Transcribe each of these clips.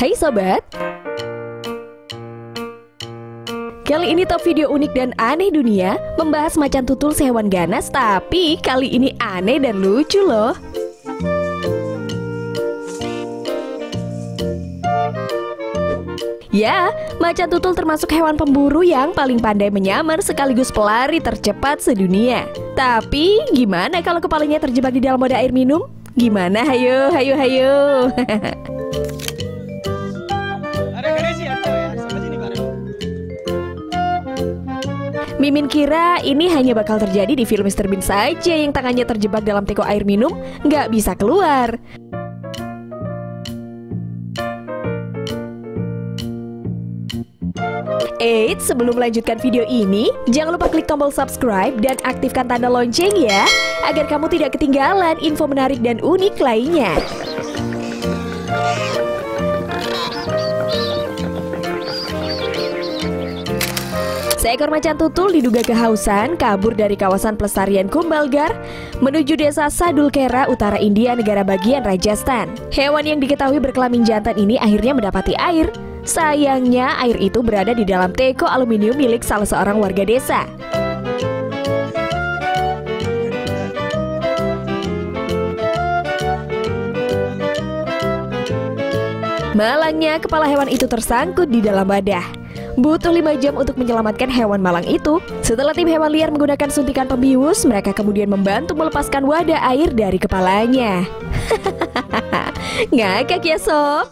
Hai sobat, Kali ini top video unik dan aneh dunia membahas macan tutul sehewan ganas tapi kali ini aneh dan lucu loh. Ya, macan tutul termasuk hewan pemburu yang paling pandai menyamar sekaligus pelari tercepat sedunia. Tapi gimana kalau kepalanya terjebak di dalam wadah air minum? Gimana? Hayo, hayo, hayo. Mimin kira ini hanya bakal terjadi di film Mr. Bean saja yang tangannya terjebak dalam teko air minum, nggak bisa keluar. Eits, sebelum melanjutkan video ini, jangan lupa klik tombol subscribe dan aktifkan tanda lonceng ya, agar kamu tidak ketinggalan info menarik dan unik lainnya. Seekor macan tutul diduga kehausan kabur dari kawasan pelestarian Kumbalgar menuju desa Sadulkera, utara India, negara bagian Rajasthan. Hewan yang diketahui berkelamin jantan ini akhirnya mendapati air. Sayangnya, air itu berada di dalam teko aluminium milik salah seorang warga desa. Malangnya, kepala hewan itu tersangkut di dalam wadah. Butuh 5 jam untuk menyelamatkan hewan malang itu. Setelah tim hewan liar menggunakan suntikan pembius, mereka kemudian membantu melepaskan wadah air dari kepalanya. Ngakak ya sob?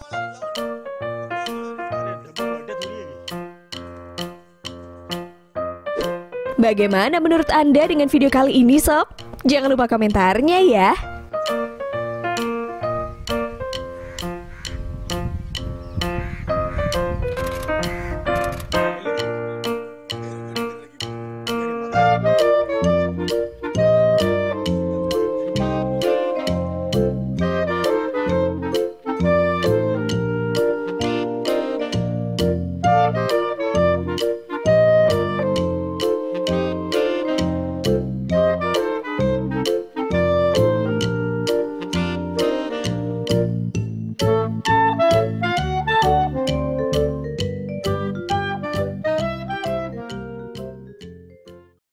Bagaimana menurut Anda dengan video kali ini sob? Jangan lupa komentarnya ya.